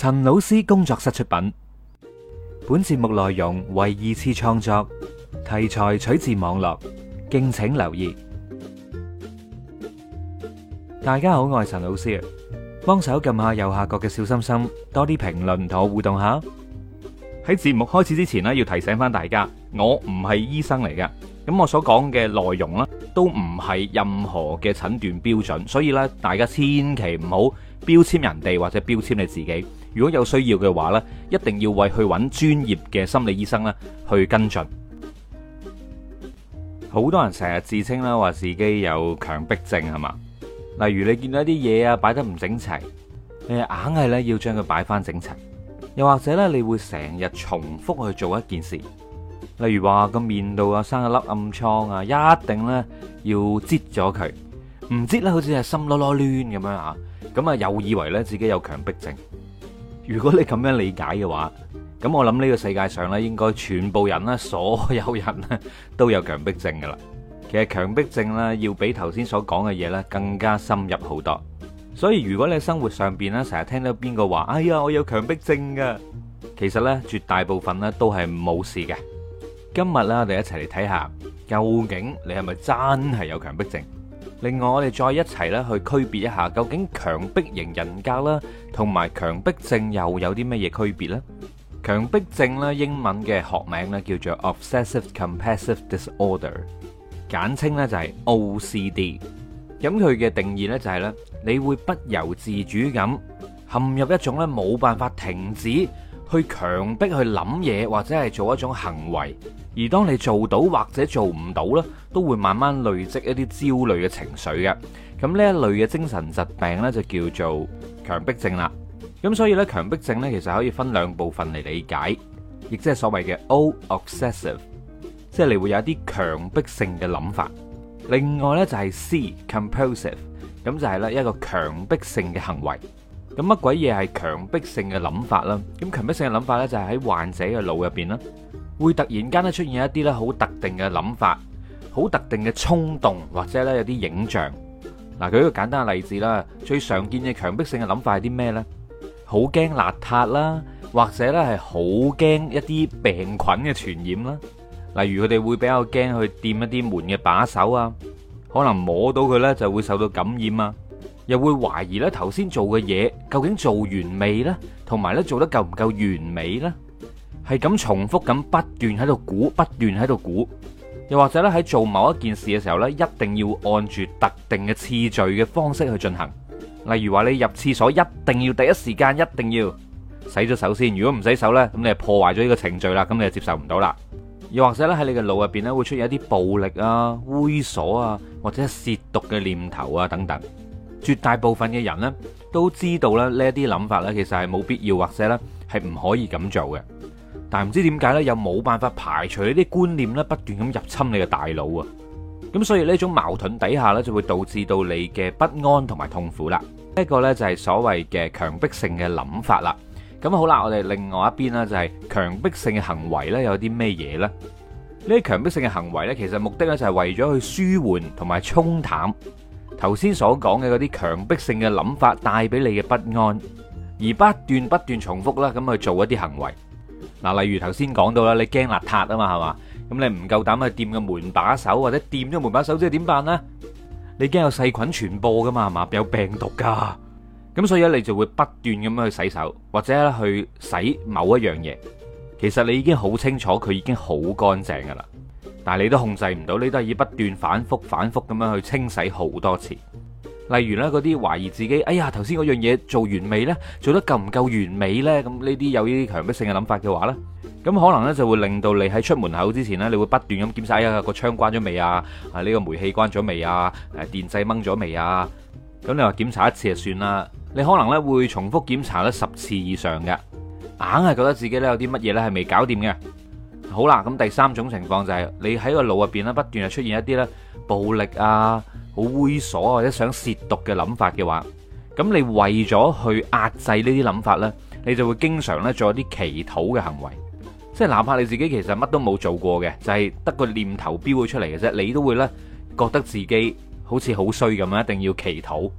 陳老師工作室出品，本節目內容為二次創作，題材取自網絡，敬請留意。大家好，我係陳老師，幫手撳下右下角嘅小心心，多啲評論同我互動下。喺節目開始之前咧，要提醒翻大家，我唔係醫生嚟嘅，咁我所講嘅內容啦，都唔係任何嘅診斷標準，所以咧，大家千祈唔好標籤人哋或者標籤你自己。如果有需要嘅話咧，一定要為去揾專業嘅心理醫生咧去跟進。好多人成日自稱啦，話自己有強迫症係嘛？例如你見到啲嘢啊，擺得唔整齊，你硬係咧要將佢擺翻整齊。又或者咧，你會成日重複去做一件事。例如話個面度啊，生一粒暗瘡啊，一定要擠咗佢，唔擠咧，好似係心囉囉攣咁樣啊，咁啊又以為咧自己有強迫症。如果你咁樣理解嘅話，咁我諗呢個世界上咧，應該全部人啦，所有人都有強迫症噶啦。其實強迫症呢，要比頭先所講嘅嘢呢更加深入好多。所以如果你生活上邊呢，成日聽到邊個話，哎呀，我有強迫症噶，其實呢，絕大部分呢都係冇事嘅。今日咧，我哋一齊嚟睇下，究竟你係咪真係有強迫症？另外，我哋再一齊咧去區別一下，究竟強迫型人格啦，同埋強迫症又有啲乜嘢區別咧？強迫症咧，英文嘅學名咧叫做 Obsessive Compulsive Disorder，簡稱咧就係 OCD。咁佢嘅定義咧就係咧，你會不由自主咁陷入一種咧冇辦法停止去強迫去諗嘢，或者係做一種行為。而當你做到或者做唔到，都會慢慢累積一啲焦慮嘅情緒嘅。咁呢一類嘅精神疾病呢就叫做強迫症啦。咁所以呢，強迫症呢，其實可以分兩部分嚟理解，亦即係所謂嘅 O obsessive，即係你會有一啲強迫性嘅諗法。另外呢，就係 C compulsive，咁就係呢一個強迫性嘅行為。咁乜鬼嘢係強迫性嘅諗法啦？咁強迫性嘅諗法呢，就係喺患者嘅腦入邊啦。會突然間咧出現一啲咧好特定嘅諗法，好特定嘅衝動，或者咧有啲影像。嗱，舉一個簡單嘅例子啦，最常見嘅強迫性嘅諗法係啲咩呢？好驚邋遢啦，或者咧係好驚一啲病菌嘅傳染啦。例如佢哋會比較驚去掂一啲門嘅把手啊，可能摸到佢呢就會受到感染啊。又會懷疑呢頭先做嘅嘢，究竟做完未呢，同埋呢做得夠唔夠完美呢？係咁重複咁不斷喺度估，不斷喺度估，又或者咧喺做某一件事嘅時候咧，一定要按住特定嘅次序嘅方式去進行。例如話你入廁所一定要第一時間，一定要洗咗手先，如果唔洗手咧，咁你就破壞咗呢個程序啦，咁你就接受唔到啦。又或者咧喺你嘅腦入邊咧會出現一啲暴力啊、猥瑣啊，或者係涉毒嘅念頭啊等等。絕大部分嘅人咧都知道咧呢一啲諗法咧其實係冇必要，或者咧係唔可以咁做嘅。但唔知點解咧，又冇辦法排除呢啲觀念咧，不斷咁入侵你嘅大腦啊。咁所以呢種矛盾底下咧，就會導致到你嘅不安同埋痛苦啦。一個呢，就係所謂嘅強迫性嘅諗法啦。咁好啦，我哋另外一邊呢，就係強迫性嘅行為呢有啲咩嘢呢？呢啲強迫性嘅行為呢，其實目的呢，就係為咗去舒緩同埋沖淡頭先所講嘅嗰啲強迫性嘅諗法帶俾你嘅不安，而不斷不斷重複啦咁去做一啲行為。嗱，例如頭先講到啦，你驚邋遢啊嘛，係嘛？咁你唔夠膽去掂個門把手或者掂咗門把手，即係點辦呢？你驚有細菌傳播噶嘛，係嘛？有病毒噶，咁所以咧，你就會不斷咁樣去洗手或者去洗某一樣嘢。其實你已經好清楚，佢已經好乾淨噶啦，但係你都控制唔到，你都係要不斷反覆反覆咁樣去清洗好多次。例如咧嗰啲懷疑自己，哎呀頭先嗰樣嘢做完未呢？做得夠唔夠完美呢？咁呢啲有呢啲強迫性嘅諗法嘅話呢，咁可能呢就會令到你喺出門口之前呢，你會不斷咁檢查，哎呀個窗關咗未啊？啊呢個煤氣關咗未啊？誒電掣掹咗未啊？咁你話檢查一次就算啦，你可能呢會重複檢查得十次以上嘅，硬係覺得自己呢有啲乜嘢呢係未搞掂嘅。好啦，咁第三種情況就係你喺個腦入邊呢不斷出現一啲呢暴力啊。好猥瑣或者想褻瀆嘅諗法嘅話，咁你為咗去壓制呢啲諗法咧，你就會經常咧做一啲祈禱嘅行為，即係哪怕你自己其實乜都冇做過嘅，就係得個念頭飆咗出嚟嘅啫，你都會咧覺得自己好似好衰咁樣，一定要祈禱。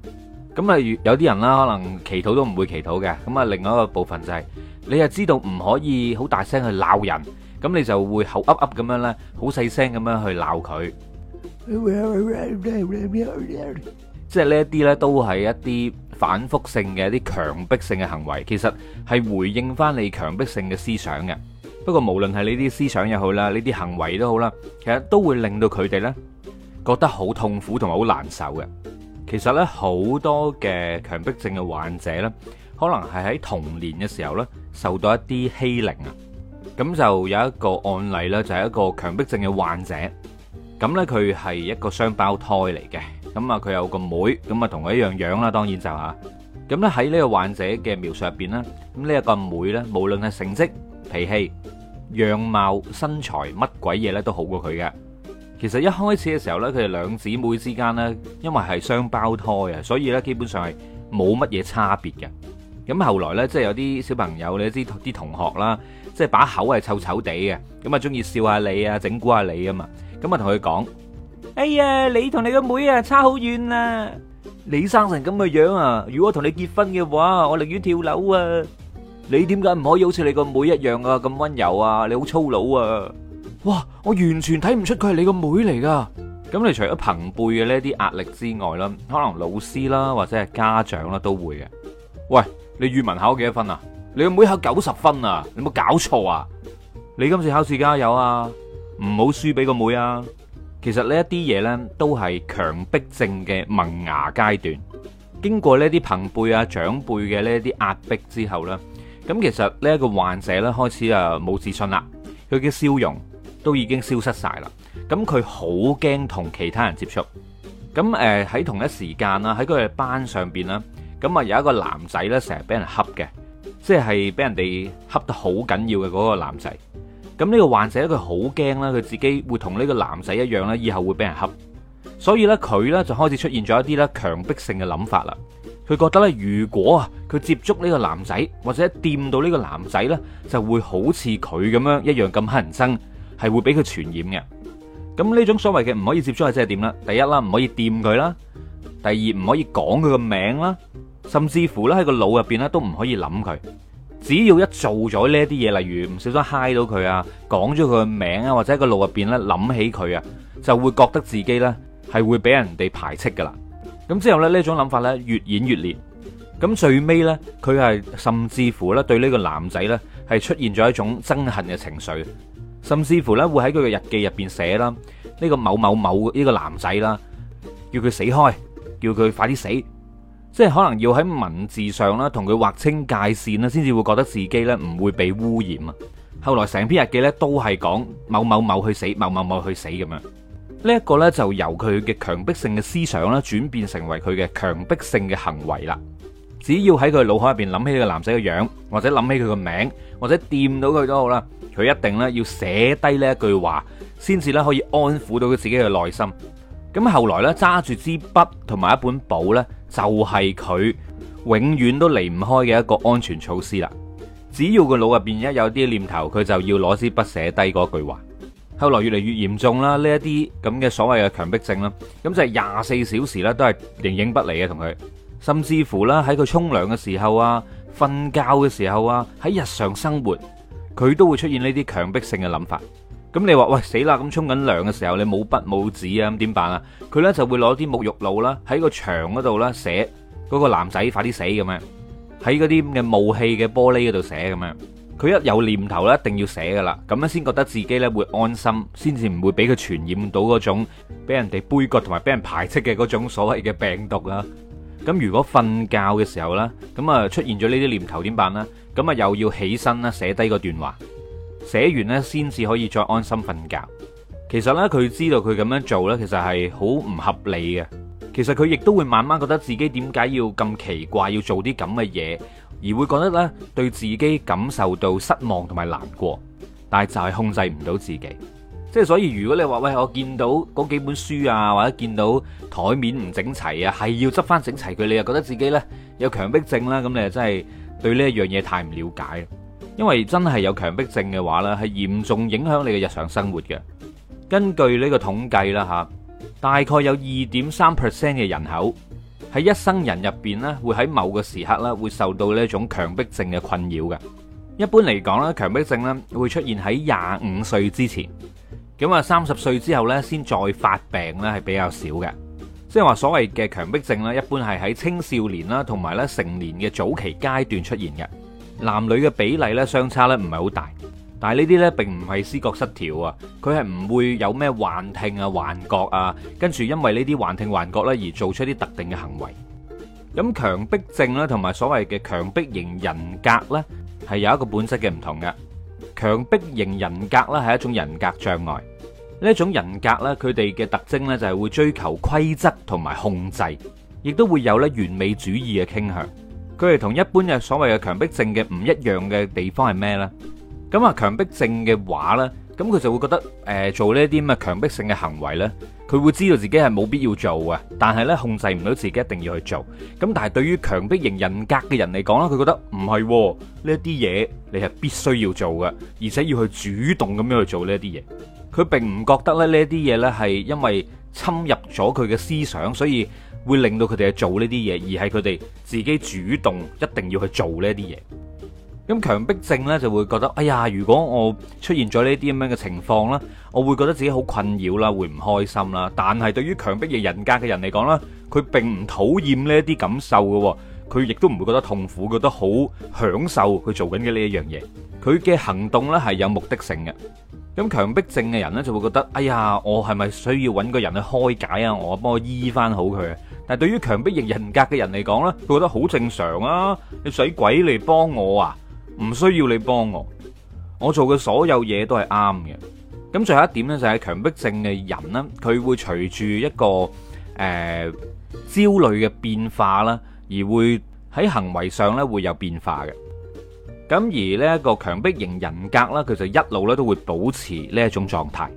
咁例如有啲人啦，可能祈禱都唔會祈禱嘅。咁啊，另外一個部分就係你又知道唔可以好大聲去鬧人，咁你就會口噏噏咁樣咧，好細聲咁樣去鬧佢。即係呢一啲咧，都係一啲反覆性嘅一啲強迫性嘅行為，其實係回應翻你強迫性嘅思想嘅。不過無論係呢啲思想又好啦，呢啲行為都好啦，其實都會令到佢哋咧覺得好痛苦同埋好難受嘅。其實咧好多嘅強迫症嘅患者咧，可能係喺童年嘅時候咧受到一啲欺凌啊。咁就有一個案例咧，就係一個強迫症嘅患者。咁咧佢係一個雙胞胎嚟嘅，咁啊佢有個妹，咁啊同佢一樣樣啦，當然就啊。咁咧喺呢個患者嘅描述入邊咧，咁呢一個妹咧，無論係成績、脾氣、樣貌、身材，乜鬼嘢咧都好過佢嘅。其實一開始嘅時候咧，佢哋兩姊妹之間咧，因為係雙胞胎啊，所以咧基本上係冇乜嘢差別嘅。咁後來咧，即係有啲小朋友，你啲啲同學啦，即係把口係臭臭地嘅，咁啊中意笑下你啊，整蠱下你啊嘛。咁啊，同佢講，哎呀，你同你個妹啊差好遠啊！你生成咁嘅樣啊，如果同你結婚嘅話，我寧願跳樓啊！你點解唔可以好似你個妹一樣啊？咁溫柔啊，你好粗魯啊！哇，我完全睇唔出佢係你個妹嚟噶！咁你除咗朋輩嘅呢啲壓力之外啦，可能老師啦或者係家長啦都會嘅。喂，你語文考幾多分啊？你個妹考九十分啊？你有冇搞錯啊？你今次考試加油啊！唔好輸俾個妹啊！其實呢一啲嘢呢，都係強迫症嘅萌芽階段。經過呢啲朋輩啊、長輩嘅呢啲壓迫之後呢，咁其實呢一個患者呢，開始啊冇自信啦，佢嘅笑容都已經消失晒啦。咁佢好驚同其他人接觸。咁誒喺同一時間啦，喺佢嘅班上邊啦，咁啊有一個男仔呢，成日俾人恰嘅，即係俾人哋恰得好緊要嘅嗰個男仔。咁呢個患者佢好驚啦，佢自己會同呢個男仔一樣啦，以後會俾人恰，所以呢，佢呢，就開始出現咗一啲咧強迫性嘅諗法啦。佢覺得呢，如果啊佢接觸呢個男仔或者掂到呢個男仔呢，就會好似佢咁樣一樣咁黑人生，係會俾佢傳染嘅。咁呢種所謂嘅唔可以接觸，即係點咧？第一啦，唔可以掂佢啦；第二，唔可以講佢個名啦；甚至乎咧喺個腦入邊咧都唔可以諗佢。只要一做咗呢一啲嘢，例如唔小心 high 到佢啊，講咗佢嘅名啊，或者個腦入邊咧諗起佢啊，就會覺得自己咧係會俾人哋排斥噶啦。咁之後咧呢種諗法咧越演越烈，咁最尾咧佢係甚至乎咧對呢個男仔咧係出現咗一種憎恨嘅情緒，甚至乎咧會喺佢嘅日記入邊寫啦，呢個某某某呢個男仔啦，叫佢死開，叫佢快啲死。即係可能要喺文字上啦，同佢劃清界線啦，先至會覺得自己咧唔會被污染啊。後來成篇日記咧都係講某某某去死，某某某去死咁樣。呢一個咧就由佢嘅強迫性嘅思想啦，轉變成為佢嘅強迫性嘅行為啦。只要喺佢腦海入邊諗起呢個男仔嘅樣，或者諗起佢個名，或者掂到佢都好啦，佢一定呢要寫低呢一句話，先至咧可以安撫到佢自己嘅內心。咁後來咧，揸住支筆同埋一本簿呢就係佢永遠都離唔開嘅一個安全措施啦。只要個腦入邊一有啲念頭，佢就要攞支筆寫低嗰句話。後來越嚟越嚴重啦，呢一啲咁嘅所謂嘅強迫症啦，咁就係廿四小時咧都係形影不離嘅同佢，甚至乎啦喺佢沖涼嘅時候啊、瞓覺嘅時候啊、喺日常生活，佢都會出現呢啲強迫性嘅諗法。咁你話喂，死啦！咁沖緊涼嘅時候，你冇筆冇紙啊？咁點辦啊？佢呢就會攞啲沐浴露啦，喺個牆嗰度啦寫嗰個男仔快啲死咁樣，喺嗰啲嘅霧氣嘅玻璃嗰度寫咁樣。佢一有念頭呢一定要寫噶啦，咁樣先覺得自己呢會安心，先至唔會俾佢傳染到嗰種俾人哋杯葛同埋俾人排斥嘅嗰種所謂嘅病毒啊。咁如果瞓覺嘅時候呢，咁啊出現咗呢啲念頭點辦呢？咁啊又要起身啦，寫低嗰段話。寫完呢，先至可以再安心瞓覺。其實呢，佢知道佢咁樣做呢，其實係好唔合理嘅。其實佢亦都會慢慢覺得自己點解要咁奇怪，要做啲咁嘅嘢，而會覺得呢，對自己感受到失望同埋難過。但係就係控制唔到自己，即係所以如果你話喂，我見到嗰幾本書啊，或者見到台面唔整齊啊，係要執翻整齊佢，你又覺得自己呢有強迫症啦，咁你真係對呢一樣嘢太唔了解。因為真係有強迫症嘅話呢，係嚴重影響你嘅日常生活嘅。根據呢個統計啦吓，大概有二點三 percent 嘅人口喺一生人入邊呢會喺某個時刻呢會受到呢種強迫症嘅困擾嘅。一般嚟講呢，強迫症呢會出現喺廿五歲之前，咁啊三十歲之後呢先再發病呢係比較少嘅。即係話所謂嘅強迫症呢，一般係喺青少年啦同埋呢成年嘅早期階段出現嘅。男女嘅比例咧相差咧唔係好大，但係呢啲咧並唔係思覺失調啊，佢係唔會有咩幻聽啊、幻覺啊，跟住因為呢啲幻聽幻覺呢而做出一啲特定嘅行為。咁強迫症咧同埋所謂嘅強迫型人格呢，係有一個本質嘅唔同嘅，強迫型人格呢，係一種人格障礙，呢種人格呢，佢哋嘅特徵呢，就係會追求規則同埋控制，亦都會有咧完美主義嘅傾向。佢哋同一般嘅所謂嘅強迫症嘅唔一樣嘅地方係咩咧？咁啊強迫症嘅話咧，咁佢就會覺得誒做呢一啲咁嘅強迫性嘅行為咧，佢會知道自己係冇必要做嘅，但係咧控制唔到自己一定要去做。咁但係對於強迫型人格嘅人嚟講咧，佢覺得唔係喎，呢一啲嘢，你係必須要做嘅，而且要去主動咁樣去做呢一啲嘢。佢並唔覺得咧呢一啲嘢咧係因為侵入咗佢嘅思想，所以。會令到佢哋去做呢啲嘢，而係佢哋自己主動，一定要去做呢啲嘢。咁強迫症呢，就會覺得，哎呀，如果我出現咗呢啲咁樣嘅情況啦，我會覺得自己好困擾啦，會唔開心啦。但係對於強迫嘅人格嘅人嚟講啦，佢並唔討厭呢啲感受嘅，佢亦都唔會覺得痛苦，覺得好享受佢做緊嘅呢一樣嘢。佢嘅行動呢係有目的性嘅。咁強迫症嘅人呢，就會覺得，哎呀，我係咪需要揾個人去開解啊？我幫我醫翻好佢。但係對於強迫型人格嘅人嚟講呢，佢覺得好正常啊！你使鬼嚟幫我啊？唔需要你幫我，我做嘅所有嘢都係啱嘅。咁最後一點呢，就係、是、強迫症嘅人呢，佢會隨住一個誒、呃、焦慮嘅變化啦，而會喺行為上呢會有變化嘅。咁而呢一個強迫型人格啦，佢就一路呢都會保持呢一種狀態。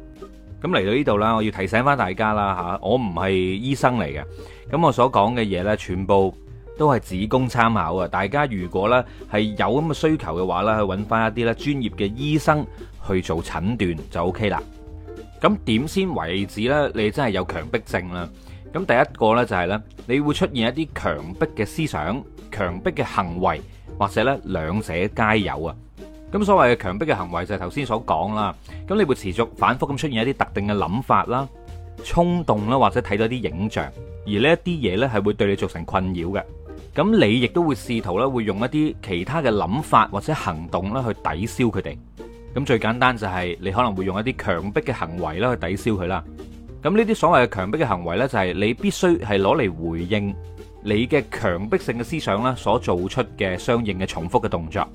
咁嚟到呢度啦，我要提醒翻大家啦吓，我唔係醫生嚟嘅。咁我所講嘅嘢呢，全部都係只供參考啊！大家如果呢係有咁嘅需求嘅話呢，去揾翻一啲咧專業嘅醫生去做診斷就 OK 啦。咁點先為止呢？你真係有強迫症啦。咁第一個呢，就係呢：你會出現一啲強迫嘅思想、強迫嘅行為。或者咧兩者皆有啊！咁所謂嘅強迫嘅行為就係頭先所講啦。咁你會持續反覆咁出現一啲特定嘅諗法啦、衝動啦，或者睇到啲影像，而呢一啲嘢呢，係會對你造成困擾嘅。咁你亦都會試圖咧會用一啲其他嘅諗法或者行動咧去抵消佢哋。咁最簡單就係你可能會用一啲強迫嘅行為咧去抵消佢啦。咁呢啲所謂嘅強迫嘅行為呢，就係你必須係攞嚟回應。你嘅強迫性嘅思想咧，所做出嘅相應嘅重複嘅動作，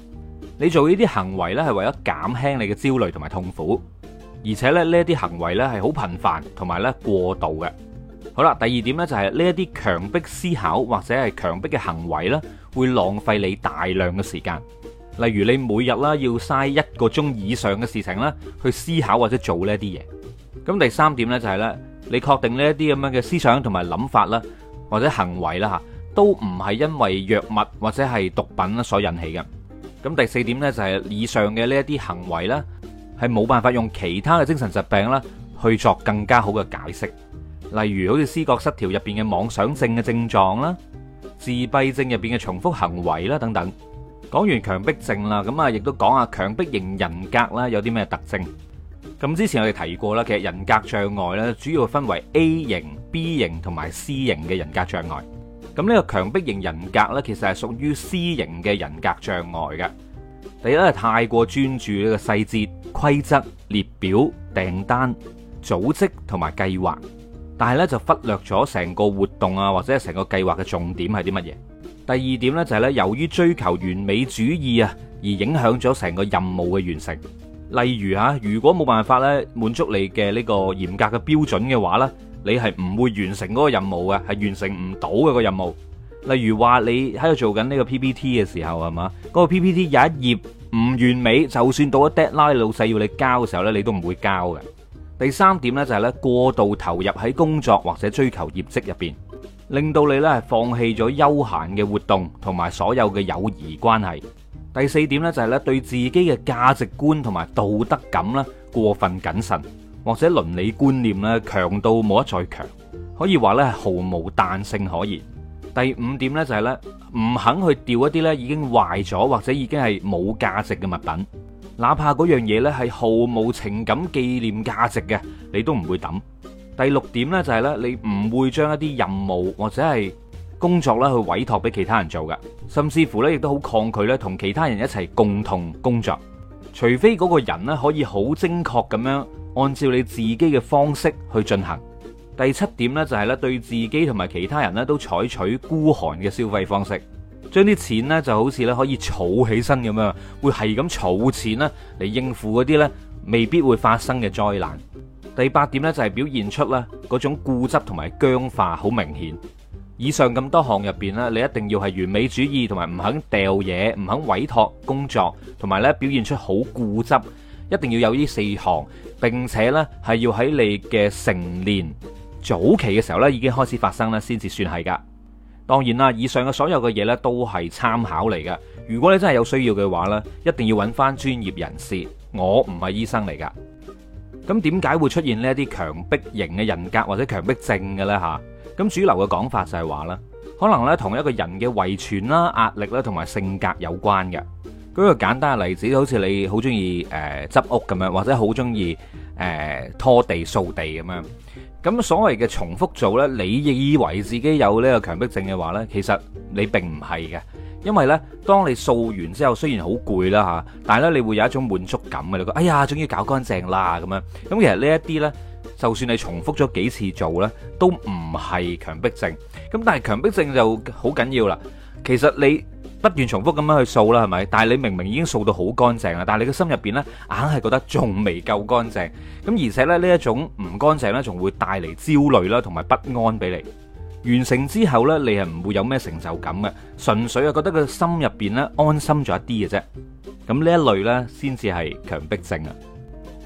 你做呢啲行為咧，係為咗減輕你嘅焦慮同埋痛苦，而且咧呢啲行為咧係好頻繁同埋咧過度嘅。好啦，第二點呢就係呢一啲強迫思考或者係強迫嘅行為咧，會浪費你大量嘅時間。例如你每日啦要嘥一個鐘以上嘅事情咧，去思考或者做呢啲嘢。咁第三點呢就係咧，你確定呢一啲咁樣嘅思想同埋諗法啦。或者行為啦嚇，都唔係因為藥物或者係毒品所引起嘅。咁第四點呢，就係以上嘅呢一啲行為呢，係冇辦法用其他嘅精神疾病啦去作更加好嘅解釋。例如好似思覺失調入邊嘅妄想症嘅症狀啦，自閉症入邊嘅重複行為啦等等。講完強迫症啦，咁啊亦都講下強迫型人格啦，有啲咩特徵？咁之前我哋提過啦，其實人格障礙咧主要分為 A 型、B 型同埋 C 型嘅人格障礙。咁呢個強迫型人格咧，其實係屬於 C 型嘅人格障礙嘅。第一係太過專注呢個細節、規則、列表、訂單、組織同埋計劃，但係咧就忽略咗成個活動啊或者係成個計劃嘅重點係啲乜嘢。第二點咧就係咧，由於追求完美主義啊，而影響咗成個任務嘅完成。例如哈，如果冇辦法咧滿足你嘅呢個嚴格嘅標準嘅話呢，你係唔會完成嗰個任務嘅，係完成唔到嘅個任務。例如話你喺度做緊呢個 PPT 嘅時候係嘛，嗰個 PPT 有一頁唔完美，就算到咗 deadline，老細要你交嘅時候呢，你都唔會交嘅。第三點呢，就係咧過度投入喺工作或者追求業績入邊，令到你呢係放棄咗休閒嘅活動同埋所有嘅友誼關係。第四點呢，就係咧對自己嘅價值觀同埋道德感咧過分謹慎，或者倫理觀念咧強到冇得再強，可以話咧毫無彈性可言。第五點呢，就係咧唔肯去掉一啲咧已經壞咗或者已經係冇價值嘅物品，哪怕嗰樣嘢咧係毫無情感紀念價值嘅，你都唔會抌。第六點呢，就係咧你唔會將一啲任務或者係工作咧去委托俾其他人做嘅，甚至乎咧亦都好抗拒咧同其他人一齊共同工作，除非嗰個人咧可以好精確咁樣按照你自己嘅方式去進行。第七點咧就係咧對自己同埋其他人咧都採取孤寒嘅消費方式，將啲錢咧就好似咧可以儲起身咁樣，會係咁儲錢咧嚟應付嗰啲咧未必會發生嘅災難。第八點咧就係表現出咧嗰種固執同埋僵化，好明顯。以上咁多項入邊呢你一定要係完美主義，同埋唔肯掉嘢，唔肯委託工作，同埋呢表現出好固執，一定要有呢四項，並且呢係要喺你嘅成年早期嘅時候呢已經開始發生呢先至算係噶。當然啦，以上嘅所有嘅嘢呢都係參考嚟噶。如果你真係有需要嘅話呢一定要揾翻專業人士。我唔係醫生嚟噶。咁點解會出現呢啲強迫型嘅人格或者強迫症嘅咧？吓？咁主流嘅講法就係話啦，可能咧同一個人嘅遺傳啦、壓力啦同埋性格有關嘅。舉個簡單嘅例子，好似你好中意誒執屋咁樣，或者好中意誒拖地、掃地咁樣。咁所謂嘅重複做呢，你以為自己有呢個強迫症嘅話呢，其實你並唔係嘅，因為呢當你掃完之後，雖然好攰啦嚇，但係咧，你會有一種滿足感嘅，你覺得哎呀，終於搞乾淨啦咁樣。咁其實呢一啲呢。就算你重複咗幾次做咧，都唔係強迫症。咁但係強迫症就好緊要啦。其實你不斷重複咁樣去掃啦，係咪？但係你明明已經掃到好乾淨啦，但係你嘅心入邊咧，硬係覺得仲未夠乾淨。咁而且咧，呢一種唔乾淨咧，仲會帶嚟焦慮啦，同埋不安俾你。完成之後咧，你係唔會有咩成就感嘅，純粹啊覺得個心入邊咧安心咗一啲嘅啫。咁呢一類咧，先至係強迫症啊。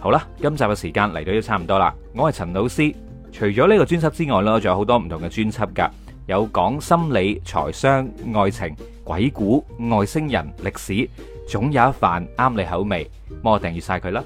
好啦，今集嘅時間嚟到都差唔多啦。我係陳老師，除咗呢個專輯之外呢，仲有好多唔同嘅專輯噶，有講心理、財商、愛情、鬼故、外星人、歷史，總有一瓣啱你口味。幫我訂閱晒佢啦。